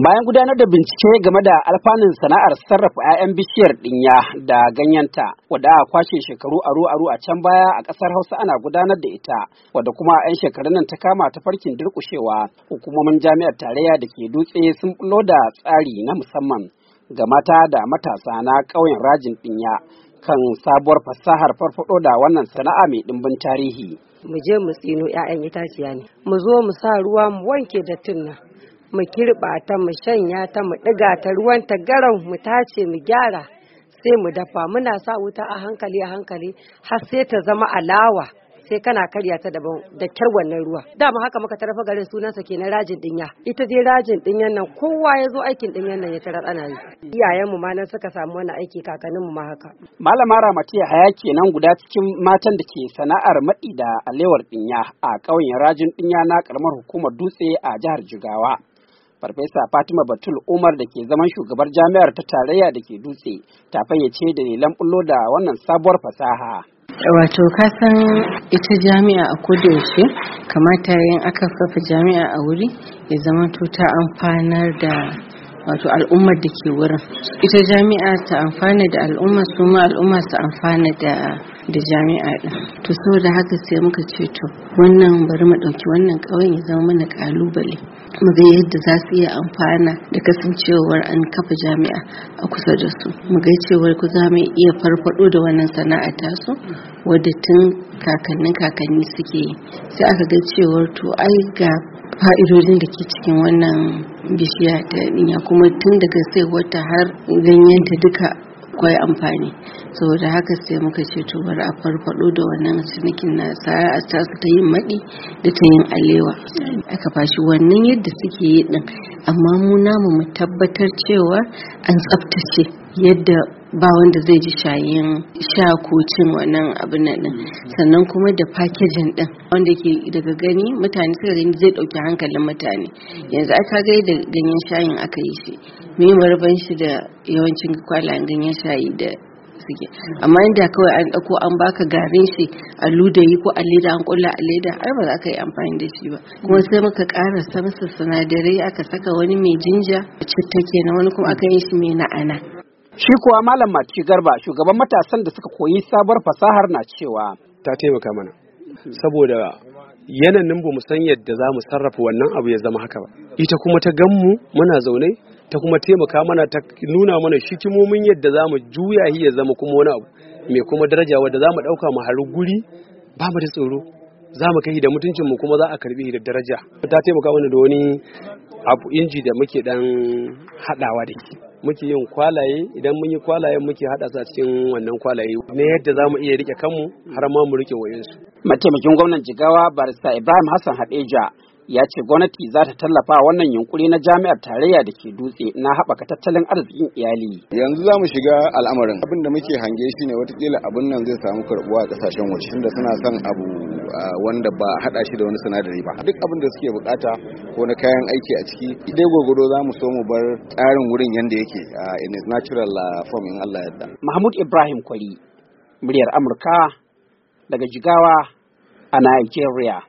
bayan gudanar da bincike game da alfanun sana'ar sarrafa 'ya'yan bishiyar ɗinya da ganyenta wadda a kwashe shekaru aru-aru a can baya a ƙasar hausa ana gudanar da ita wadda kuma 'yan shekarun nan ta kama ta farkin durƙushewa hukumomin jami'ar tarayya da ke dutse sun bulo da tsari na musamman ga mata da matasa na ƙauyen rajin ɗinya kan sabuwar fasahar farfaɗo, da wannan sana'a mai ɗimbin tarihi mu je mu tsino 'ya'yan itaciya ne mu zo mu sa ruwa mu wanke dattin nan mu kirɓa ta mu shanya ta mu ɗiga ta ruwan ta garau mu tace mu gyara sai mu dafa muna sa wuta a hankali a hankali har sai ta zama alawa sai kana karya ta daban da kyar wannan ruwa dama haka muka tarafa garin sunansa kenan rajin dinya ita dai rajin dinyan nan kowa ya zo aikin dinyan nan ya tarar ana yi iyayen mu ma nan suka samu wani aiki kakanninmu mu ma haka malama ramatiya haya kenan guda cikin matan da ke sana'ar madi da alewar dinya a ƙauyen rajin dinya na karamar hukumar dutse a jihar jigawa Farfesa Fatima Batul Umar da ke zaman shugabar jami'ar ta tarayya da ke dutse ta fayyace da nilan bullo da wannan sabuwar fasaha. Wato kasan ita jami'a a kodayaushe kamata yin aka kafa jami'a a wuri ya zama ta amfanar da wato al'ummar da ke wurin ita jami'a ta amfana da al'umma su ma al'umma su amfana da da jami'a din to saboda haka sai muka ce to wannan bari mu ɗauki wannan ƙauyen ya zama mana ƙalubale mu yadda za su iya amfana da kasancewar an kafa jami'a a kusa da su mu ga cewar ku za mu iya farfado da wannan sana'a ta su wadda tun kakannin kakanni suke yi sai aka ga cewar to ai ga fa'idodin da ke cikin wannan bishiya ta kuma tun daga sai wata har ganyenta duka kwai amfani saboda haka sai muka ce to bari a farfado da wannan cinikin na sara ta ta yin madi da ta yin alewa aka fashi wannan yadda suke yi din amma mu namu mu tabbatar cewa an tsaftace yadda ba wanda zai ji shayin sha ko cin wannan abin nan din sannan kuma da packaging din wanda ke daga gani mutane suka gani zai dauki hankalin mutane yanzu aka ga da ganyen shayin aka yi shi me marban shi da yawancin kwalayen ganyen shayi da suke amma inda kawai an dauko an baka garin shi a ludayi ko a leda an kulla a leda har ba za ka yi amfani da shi ba kuma sai muka ƙara samsa sinadarai aka saka wani mai jinja a kenan wani kuma aka yi shi mai na'ana Shi kuwa Malam Mati Garba shugaban matasan da suka koyi sabuwar fasahar na cewa. Ta taimaka mana. Saboda yananin ba mu san yadda za mu sarrafa wannan abu ya zama haka ba. Ita kuma ta ganmu muna zaune ta kuma taimaka mana ta nuna mana shikimomin yadda za mu juya ya zama kuma wani abu mai kuma daraja wadda za mu ɗauka mu hari guri ba mu da tsoro za mu kai da mutuncin mu kuma za a karbi da daraja ta taimaka mana da wani abu inji da muke dan haɗawa da shi muke yin kwalaye idan mun yi kwalaye muke haɗa su cikin wannan kwalaye ne yadda za mu iya rike kanmu har ma mu rike wayansu. Mataimakin gwamnan Jigawa barista Ibrahim Hassan Hadeja ya ce gwamnati za ta tallafa wannan yunkuri na jami'ar tarayya da ke dutse na haɓaka tattalin arzikin iyali. Yanzu za mu shiga al'amarin abin da muke hange shi ne watakila abin nan zai samu karɓuwa a ƙasashen waje tunda suna son abu wanda ba hada shi da wani sinadari ba duk abin da suke bukata ko na kayan aiki a ciki idai gogoro za mu so mu bar tsarin wurin yanda yake in its natural form in Allah yadda Mahmud Ibrahim Kwari muryar Amurka daga Jigawa a Nigeria